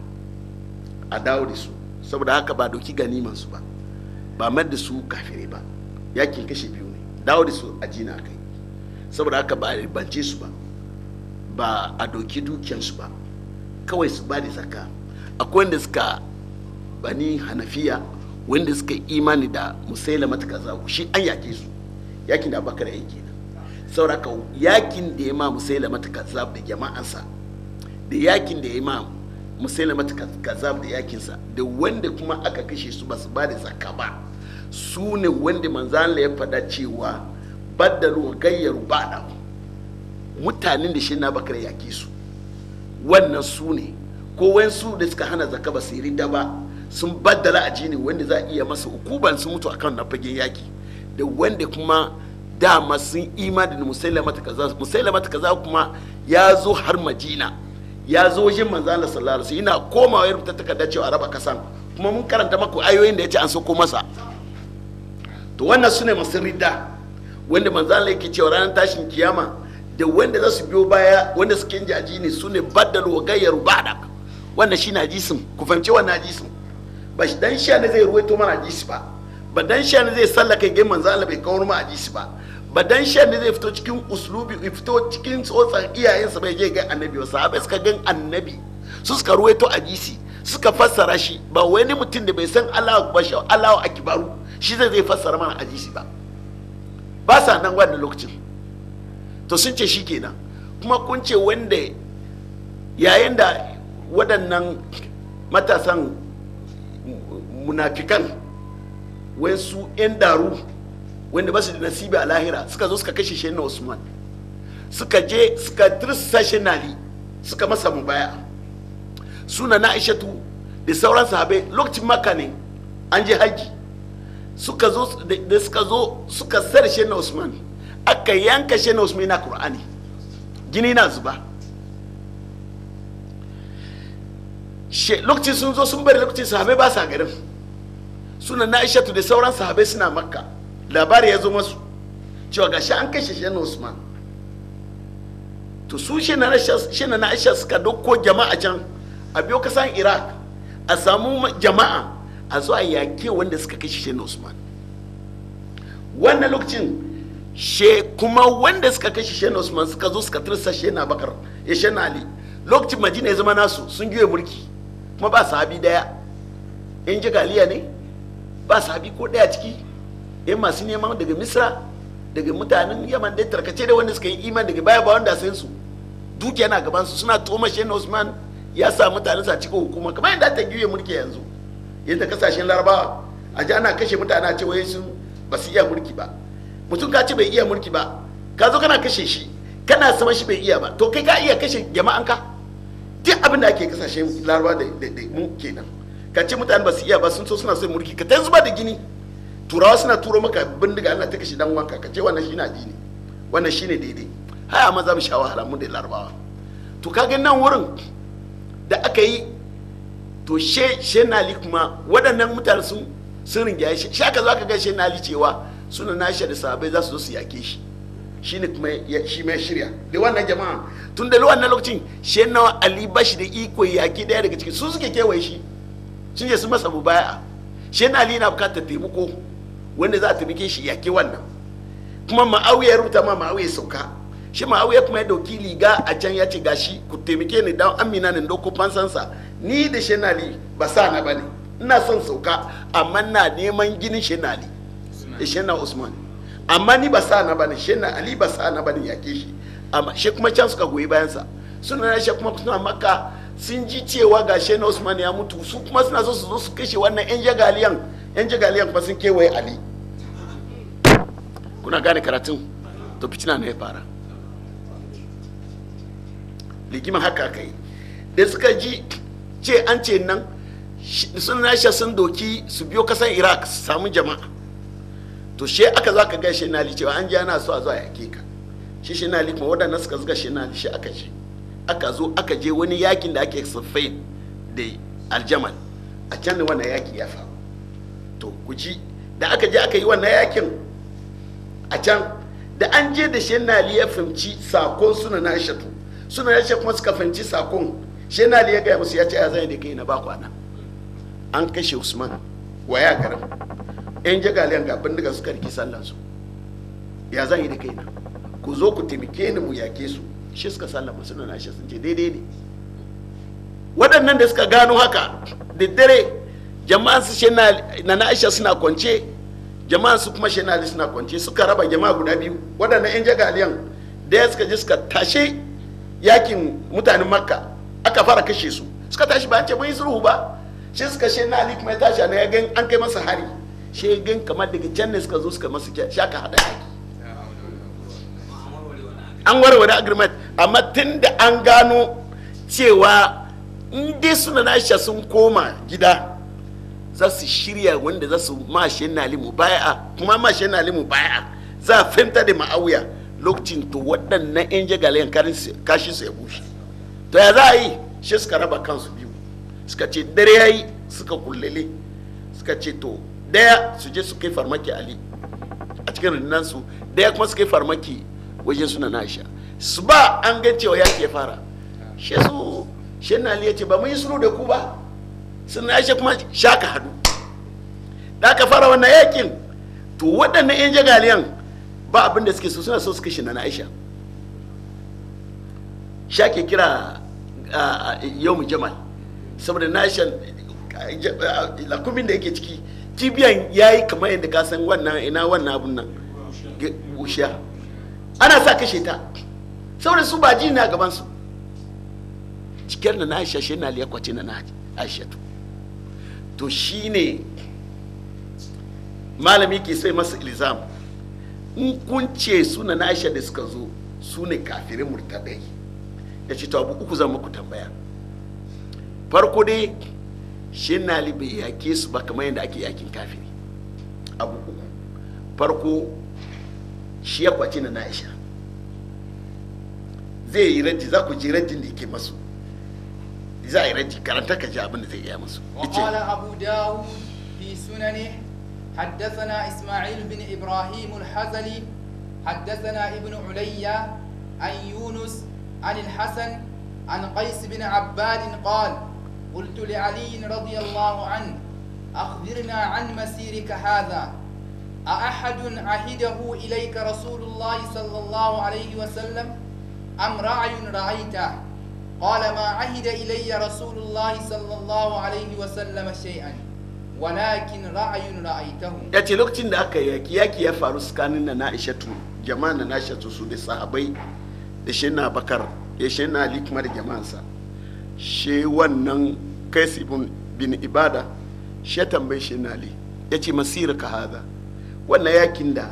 a dawo da su saboda haka ba doki ganiman su ba ba mar da su kafire ba yakin kashe biyu ne dawo da su a jina kai saboda haka ba a ribance su ba ba a doki dukiyansu ba kawai su ba da zakka akwai wanda suka bani hanafiya wanda suka imani da musaila matuka zawo shi an yake su yakin da abakar yake sauraka yakin da ya ma musailama ta kazzab da jama'ansa da yakin da ya ma musailama ta kazzab da yakinsa da wanda kuma aka kashe su ba su ba da zakka ba su ne wanda manzala ya faɗa cewa baddalu gayyaru ba'da mutanen da shina bakar yaki su wannan su ne ko su da suka hana zakka ba su yi ba sun baddala a jini wanda za a iya masa hukuban su mutu akan na fagen yaki da wanda kuma dama sun imanin musailamata kaza musailamata kaza kuma ya zo har madina ya zo wajen manzala sallallahu alaihi yana komawa ya rubuta takarda cewa raba kasan kuma mun karanta maku ayoyin da ya ce an sauko masa to wannan sune masu ridda wanda manzala yake cewa ranar tashin kiyama da wanda za su biyo baya wanda kin jaji ne su ne baddalu wa gayyaru ba'dak wannan shine hadisin ku fahimci wannan hadisin ba shi dan sha ne zai ruwaito mana hadisi ba ba dan sha ne zai sallaka gaiman manzala bai kawar ma hadisi ba ba dan shan ne zai fito cikin uslubi ya fito cikin tsotsar iyayensa bai je ga annabi wasa ba suka gan annabi su suka ruwaito hadisi suka fassara shi ba wani mutum da bai san Allahu akbar shi Allahu akbar shi zai zai fassara mana hadisi ba ba sa nan wannan lokacin to sun ce shi kenan kuma kun ce wanda yayin da waɗannan matasan munafikan wai su 'yan daru wanda ba su da nasibi a lahira suka zo suka kashe shi na usman suka je suka tursa shi nali suka masa mu baya suna na aishatu da sauran sahabai lokacin maka ne an je haji suka zo da suka zo suka sar shi na usman aka yanka shi na usman na qur'ani jini na zuba lokacin sun zo sun bari lokacin sahabai ba sa garin suna na aishatu da sauran sahabai suna makka labari ya zo masu cewa ga an kashe na usman to su shi na aisha suka doko jama'a can a biyo kasan iraq a samu jama'a a zuwa yake wanda suka kashe na usman wannan lokacin she kuma wanda suka kashe na usman suka zo suka tursa na bakar ya na ali lokacin majina ya zama nasu sun giwe mulki kuma ba sahabi daya in ji galiya ne ba sahabi ko daya ciki yan masu neman daga misra daga mutanen yaman da tarkace da wanda suka yi iman daga baya ba wanda san su dukiya na gaban su suna toma shi usman ya sa mutanen sa cikin hukuma kamar yadda ta giye mulki yanzu yadda kasashen larabawa a ji ana kashe mutane a ce wai sun ba su iya mulki ba mutum ka ce bai iya mulki ba ka zo kana kashe shi kana sama shi bai iya ba to kai ka iya kashe jama'an ka duk abin da ake kasashen larabawa da mu kenan ka ce mutane ba su iya ba sun so suna son mulki ka ta zuba da gini turawa suna turo maka bindiga Allah ta kashe dan wanka ka ce wannan shine addini wannan shine daidai haya za mu sha wahala mu da larabawa to ka ga nan wurin da aka yi to she she nali kuma waɗannan mutane sun sun ringaye shi shi aka zo aka ga she nali cewa suna nashi da sahabbai za su zo su yake shi shine kuma shi mai shirya da wannan jama'a tun da wannan lokacin she nawa ali bashi da iko yaki daya daga cikin su suke kewaye shi sun je su masa mubaya'a she nali na bukatar taimako wanda za a taimake shi yaki wannan kuma ma'awiya ya rubuta ma ma'awiya sauka shi ma'awiya kuma ya dauki liga a can ya ce gashi ku taimake ni dan amina ne doko fansansa ni da shenali ba sa na bane ina son sauka amma na neman ginin shenali da shena usman amma ni ba sa na bane shena ali ba sa na bane yake shi amma shi kuma can suka goyi bayansa suna na shi kuma suna makka sun ji cewa ga shena usman ya mutu su kuma suna so su zo su kashe wannan yan jagaliyan yan jagaliyan ba sun kewaye ali kuna gane karatun to fitina ne ya fara ligima haka aka yi da suka ji ce an ce nan sun nasha sun doki su biyo kasan iraq su samu jama'a to she aka za ka gaishe nali cewa an ji ana so a zo a yake ka shi shi nali kuma waɗanda suka zuga shi nali shi aka je aka zo aka je wani yakin da ake sufai da aljamal a can ne wannan yaki ya faru ku ci da aka je aka yi wannan yakin a can da an je da shenali ya fahimci sakon suna na shatu suna ya kuma suka fahimci sakon shenali ya gaya musu ya ce ya zai da kai na ba kwana an kashe usman wa ya garin yan jagaliyan ga bindiga suka riki sallansu ya zan yi da kai na ku zo ku taimake ni mu yake su shi suka sallama suna na shi sun ce daidai ne waɗannan da suka gano haka da dare jama'a su shi na aisha suna kwance jama'a su kuma shi na ali suna kwance suka raba jama'a guda biyu waɗannan yan aliyan da ya suka je suka tashe yakin mutanen makka aka fara kashe su suka tashi ba an ce bai sulhu ba shi suka shi na ali kuma ya tashi ya gan an kai masa hari shi gan kamar daga can ne suka zo suka masa shi aka haɗa yaki an warware agreement amma tun da an gano cewa in dai suna na sun koma gida za su shirya wanda za su mashe nali mu baya kuma mashe nali mu baya za a fahimta da ma'auya lokacin to waɗannan yan jagalayan kashi su ya bushe to ya za a yi shi suka raba kansu biyu suka ce dare ya yi suka kullele suka ce to daya su je su kai farmaki ali a cikin rundunar su daya kuma su kai farmaki wajen suna nasha su ba an gan cewa ya ke fara shi su shi na ya ce ba mun yi suru da ku ba sun aisha kuma shaka hadu da aka fara wannan yakin to waɗannan yan jagaliyan ba abin da suke so suna so su kashe na aisha shake kira yau jamal saboda na aisha lakumin da yake ciki cibiyan ya yi kamar yadda ka san wannan ina wannan abun nan gushiya ana sa kashe ta saboda su ba ji na gabansu cikin na na aisha shi na liyakwace na na aisha to to shine malami ke sai masa ilzam in kun ce suna na aisha da suka zo su ne kafirin murtadai ya ce to uku zan muku tambaya farko dai shi nali bai yake su ba kamar yadda ake yakin kafiri abu uku farko shi ya kwace na aisha zai yi raji za ku ji rajin da yake masu za a كرنتك raji karanta ka ji abin وقال أبو داود في سننه حدثنا إسماعيل بن إبراهيم الحزلي حدثنا ابن علي عن يونس عن الحسن عن قيس بن عباد قال قلت لعلي رضي الله عنه أخبرنا عن مسيرك هذا أأحد عهده إليك رسول الله صلى الله عليه وسلم أم راعي رأيته قال ما عهد إلي رسول الله صلى الله عليه وسلم شيئا walakin ra'ayun ra'aitahu ya ce lokacin da aka yaki yaki ya faru tsakanin na na'ishatu jama'a na na'ishatu su da sahabai da shi na bakar ya na ali da jama'ansa shi wannan kais bin ibada shi ya tambayi shi na ali ya ce ka haza wannan yakin da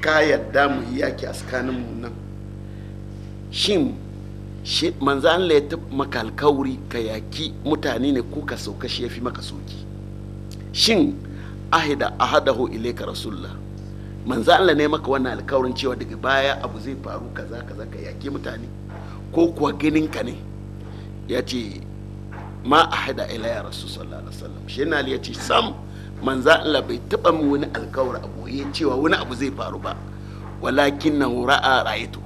ka yadda mu yaki a tsakanin mu nan shin shi manzo Allah ya taɓa maka alkawari ka yaki mutane ne ko ka sauka shi ya fi maka soki shin ahida ahadahu ilayka rasulullah manzo Allah ne maka wannan alkawarin cewa daga baya abu zai faru kaza kaza ka yaki mutane ko kuwa ganin ka ne ya ce ma ahada ilayya rasul sallallahu alaihi wasallam shi na ya ce sam manzo Allah bai taɓa mu wani alkawari a boye cewa wani abu zai faru ba walakin na ra'a ra'aytu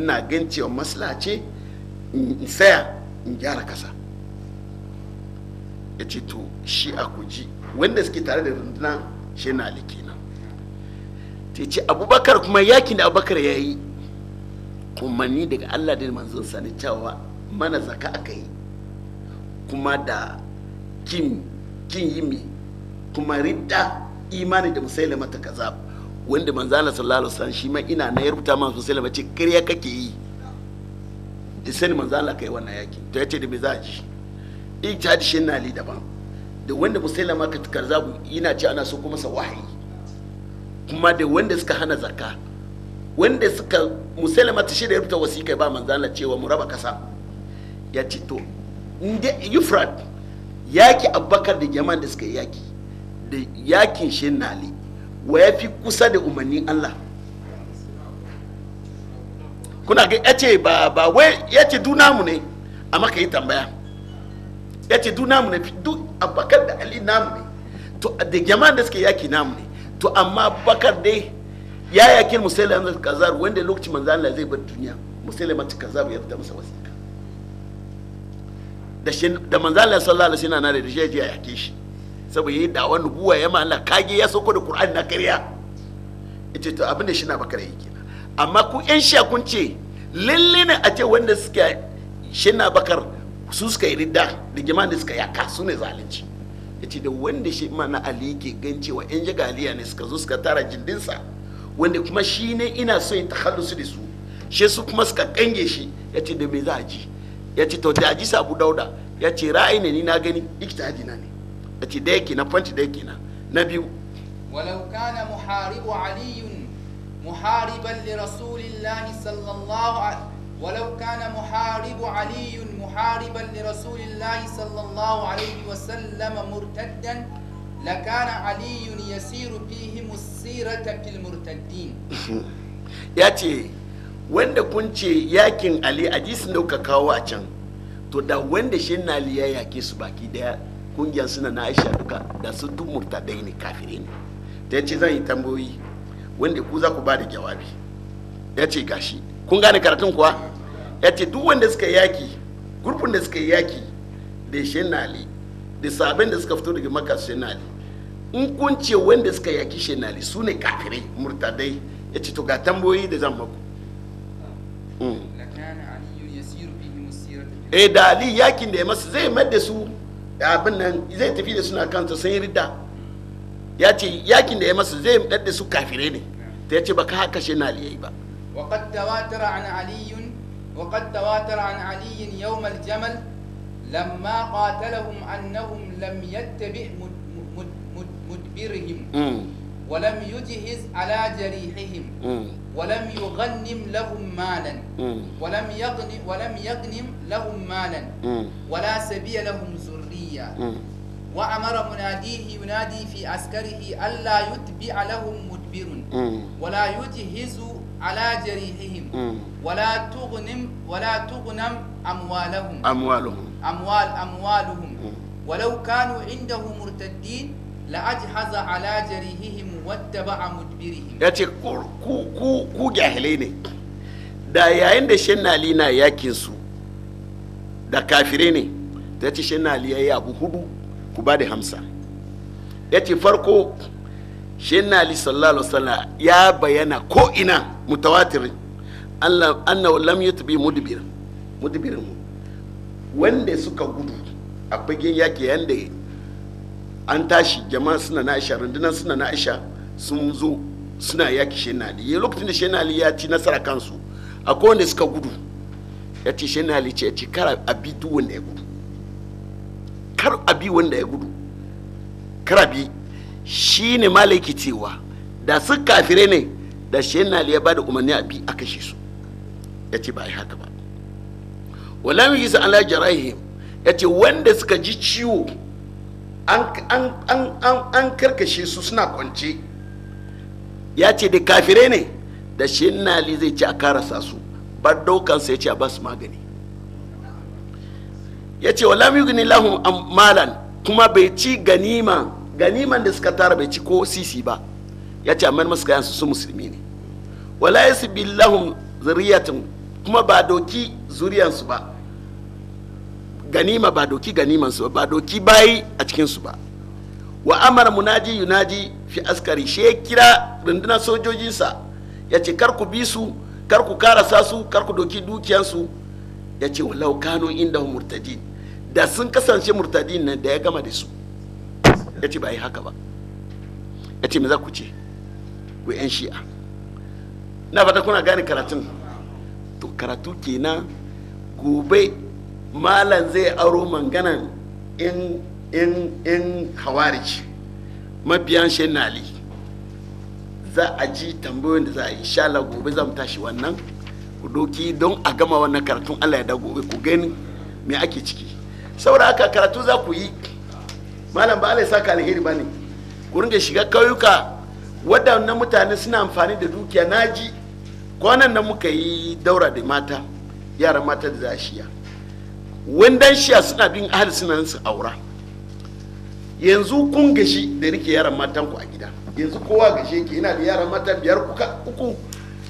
ina gan cewa maslaha ce in tsaya in gyara kasa ya ce to shi a kuji wanda suke tare da rundunan shi na nan ta ce abubakar kuma yakin da abubakar ya yi umarni daga allah da manzon sani cewa mana zaka aka yi kuma da kin yi yimi kuma ridda imani da musailama ta kaza wanda manzana sallallahu alaihi wasallam shi ma ina na ya rubuta man musailama ce karya kake yi da sani manzo Allah kai wannan yaki to yace da me za a ji ijtihad shi na li daban da wanda musulma ka karzabu yana ci ana so kuma sa wahayi kuma da wanda suka hana zakka wanda suka musulma ta shi da rubuta wasiƙa ba manzo Allah cewa mu raba kasa ya ci to inda yufrat yaki abbakar da jama'an da suka yaki da yakin shin nali wa yafi kusa da umarnin Allah kuna ga yace ba ba wai yace duna mu ne amma kai tambaya yace duna mu ne duk abakar da ali namu ne to da jama'an da suke yaki namu ne to amma bakar dai ya yakin musailama kazar wanda lokacin manzo Allah zai bar duniya musailama kazar ya fita masa wasiƙa da shi da manzo Allah sallallahu alaihi wasallam na da shi ya yake shi saboda yayi dawon nubuwa ya ma Allah kage ya sauko da Qur'ani na kariya ita to abin da shi na bakar yake amma ku yan sha kun ce lalle ne a ce wanda suka shina bakar su suka yi ridda da jama'an da suka yaka su ne zalunci ya ce da wanda shi na ali yake gan cewa yan jagaliya ne suka zo suka tara jindinsa wanda kuma shi ne ina so yin tahallusu da su shi su kuma suka kange shi ya ce da me za a ji ya ce to da aji sabu dauda ya ce ra'ayi ne ni na gani ji na ne ya ce da yake na fanci da yake na na biyu walau kana muharibu aliyun محاربا لرسول الله صلى الله عليه ولو كان محارب علي محاربا لرسول الله صلى الله عليه وسلم مرتدا لكان علي يسير فيهم السيرة في المرتدين ياتي wanda kun ce yakin ali a jisun da kuka kawo a can to da wanda shi na ya yake su baki daya kungiyar suna na aisha duka da su duk murtadai ne kafirai ne ta ce zan yi tambayoyi wanda ku za ku ba da jawabi ya ce gashi kun gane karatun kuwa ya ce duk wanda suka yaki gurfin da suka yaki da shenali da sabin da suka fito daga maka shenali in kun ce wanda suka yaki shenali su ne kafirai murtadai ya ce to ga tamboyi da zan maku mm. eh da ali yakin da ya masu zai mai da su abin nan zai tafi da suna kansa sun yi rida ya ce yakin da ya masa zai dadda su kafire ne ta yace ka haka shi na aliyai ba wa qad tawatara an ali wa qad tawatara an ali yawm al-jamal lamma qatalahum annahum lam yattabi mudbirihim ولم يجهز على جريحهم ولم يغنم لهم مالا ولم يغنم ولم يغنم لهم مالا ولا سبي لهم ذريه wa amara munadihi yunadi fi askarihi alla yutbi lahum mudbirun wala yujhizu ala jarihihim wala tughnim wala tughnam amwalahum amwaluhum amwal amwaluhum ولو كانوا عنده مرتدين la'ajhaza ala jarihihim wattaba'a mudbirihim yace ku ku ku ne da yayin da shennali na yakin su da kafire ne ta ce shennali yayi abu hudu ku ba da hamsa ya ce farko shi na ali sallallahu wasallam ya bayyana ko ina mutawatirin annahu lam yutbi mudbir mudbirin mu wanda suka gudu a fagen yaki yanda an tashi jama'a suna na aisha rundunar suna na aisha sun zo suna yaki shi na ali lokacin da shi na ali ya ci nasara kansu a wanda suka gudu ya ce shi na ali ce ya ce kara abi duk wanda ya gudu kar a bi wanda ya gudu kar a bi shi ne malaki cewa da su kafire ne da shi ya ba da umarni a bi a kashe su ya ce ba a yi haka ba walam yi su ala jarahim ya ce wanda suka ji ciwo an karkashe su suna kwance ya ce da kafire ne da shi zai ci a karasa su bar daukansa ya ce a ba su magani ya ce wa lam yugni lahum malan kuma bai ci ganima ganiman da suka tara bai ci ko sisi ba ya ce amma masu kayan su musulmi ne wala yasbil lahum zuriyatun kuma ba doki zuriyansu ba ganima ba doki ganimansu ba ba doki bayi a cikinsu ba wa amara munaji yunaji fi askari she kira rundunar sojojinsa ya ce kar ku bi su kar ku karasa su kar ku doki dukiyansu ya ce walau kano inda murtaji da sun kasance murtadin nan da ya gama da su ya ce ba yi haka ba ya ce me za ku ce ku yan shi'a na fata kuna gane karatun to karatu kenan gobe malam zai aro manganan in in in khawarij mabiyan shenali za a ji tambayoyin da za a yi shala Allah gobe zan tashi wannan ku doki don a gama wannan karatun Allah ya da gobe ku gani me ake ciki saboda haka karatu za ku yi malam ba alai saka alheri ba ne ku da shiga kauyuka waɗannan mutane suna amfani da dukiya naji kwanan nan muka yi daura da mata yaran mata da zashiya wandan shiya suna bin ahal suna su aura yanzu kun gashi da rike yaran matan ku a gida yanzu kowa gashi yake yana da yaran mata biyar uku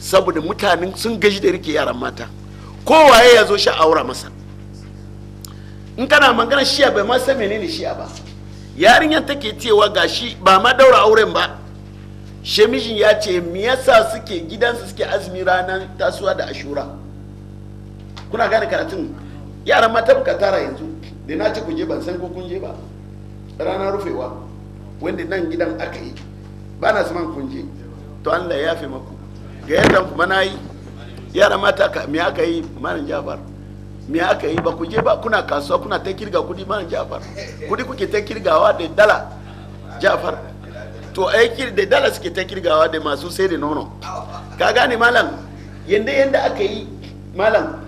saboda mutanen sun gashi da rike yaran mata kowaye ya zo sha aura masa in kana magana shiya bai ma san menene shiya ba yarinyar take cewa gashi ba ma daura auren ba shemishin ya ce me yasa suke gidansu suke azumi ranar tasuwa da ashura kuna gane karatun yaran mata ka tara yanzu da na ce ku je ban san ko kun je ba rana rufewa wanda nan gidan aka yi ba na saman kun je to Allah ya fi maku ga yadda kuma na yi yaran mata ka me aka yi malam jabar me aka yi ba ku je ba kuna kasuwa kuna ta kirga kudi man jafar kudi kuke ta kirgawa da dala jafar to aiki da dala suke ta kirgawa da masu sai da nono ka gane malam yanda yanda aka yi malam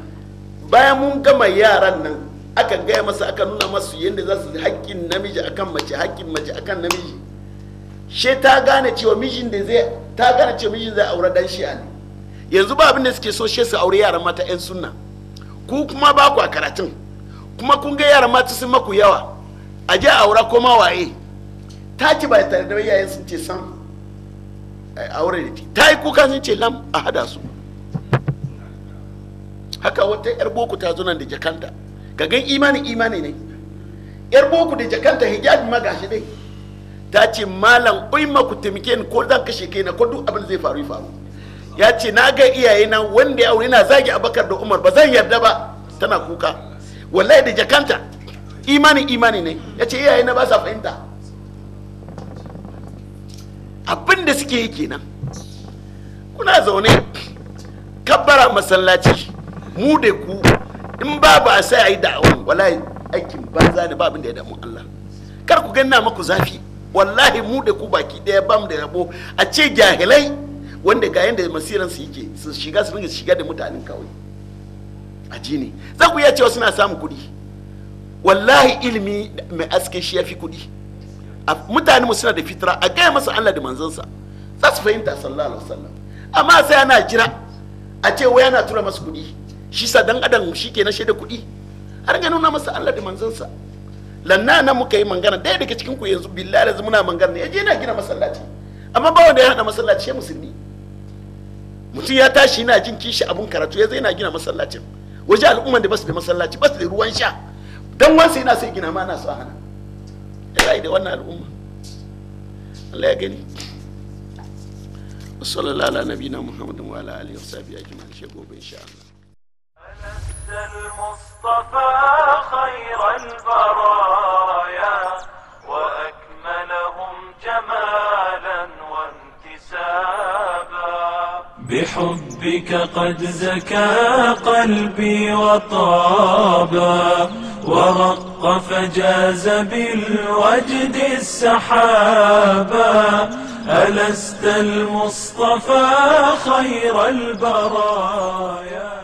bayan mun gama yaran nan aka gaya masa aka nuna masu yadda za su haƙƙin namiji akan mace haƙƙin mace akan namiji she ta gane cewa mijin da zai ta gane cewa mijin zai aure dan shi ne yanzu ba abin da suke so she su aure yaran mata yan sunna ku kuma ba ku a karatun kuma kun ga yara mata sun maku yawa a je aura ko ma waye ta ci ba tare da yayin sun ce sam aure da ta yi kuka sun ce lam a hada su haka wata yar boku ta zo nan da jakanta ka gan imani imani ne yar boku da jakanta hijabi ma gashi dai ta ce malam oi ma ku taimake ni ko zan kashe na ko duk abin zai faru faru ya ce na ga iyayena wanda ya aure na zagi abakar da umar ba zan yarda ba tana kuka wallahi da jakanta imani imani ne ya ce iyaye na ba sa fahimta abin da suke yi kenan kuna zaune kabbara masallaci mu da ku in ba ba sai a yi da'awun wallahi aikin banza da ba abin da ya damu Allah kar ku ganna maku zafi wallahi mu da ku baki daya bam da rabo a ce jahilai wanda ga yanda masiran su yake su shiga su ringa shiga da mutanen kawai a ji ne za ku iya cewa suna samun kuɗi wallahi ilimi mai aske shi ya fi kuɗi mutane suna da fitira a gaya masa Allah da manzansa za su fahimta sallallahu alaihi wasallam amma sai ana jira a ce wai ana tura masa kuɗi shi sa dan adam shi ke na shaida kuɗi har ga nuna masa Allah da manzansa lanna na muka yi mangana ɗaya daga cikin ku yanzu billahi muna mangana ya je na gina masallaci amma bawa da ya hada masallaci ya musulmi mutum ya tashi yana jin kishi abun karatu ya zai yana gina masallacin waje al'umman da basu da masallaci basu da ruwan sha dan wansa yana sai gina ma ana sa hana ya da wannan al'umma Allah ya gani وصلى الله على نبينا محمد وعلى اله وصحبه اجمعين شكوب ان شاء الله. ألست المصطفى خير البرايا حبك قد زكى قلبي وطابا ورق فجاز بالوجد السحابا ألست المصطفى خير البرايا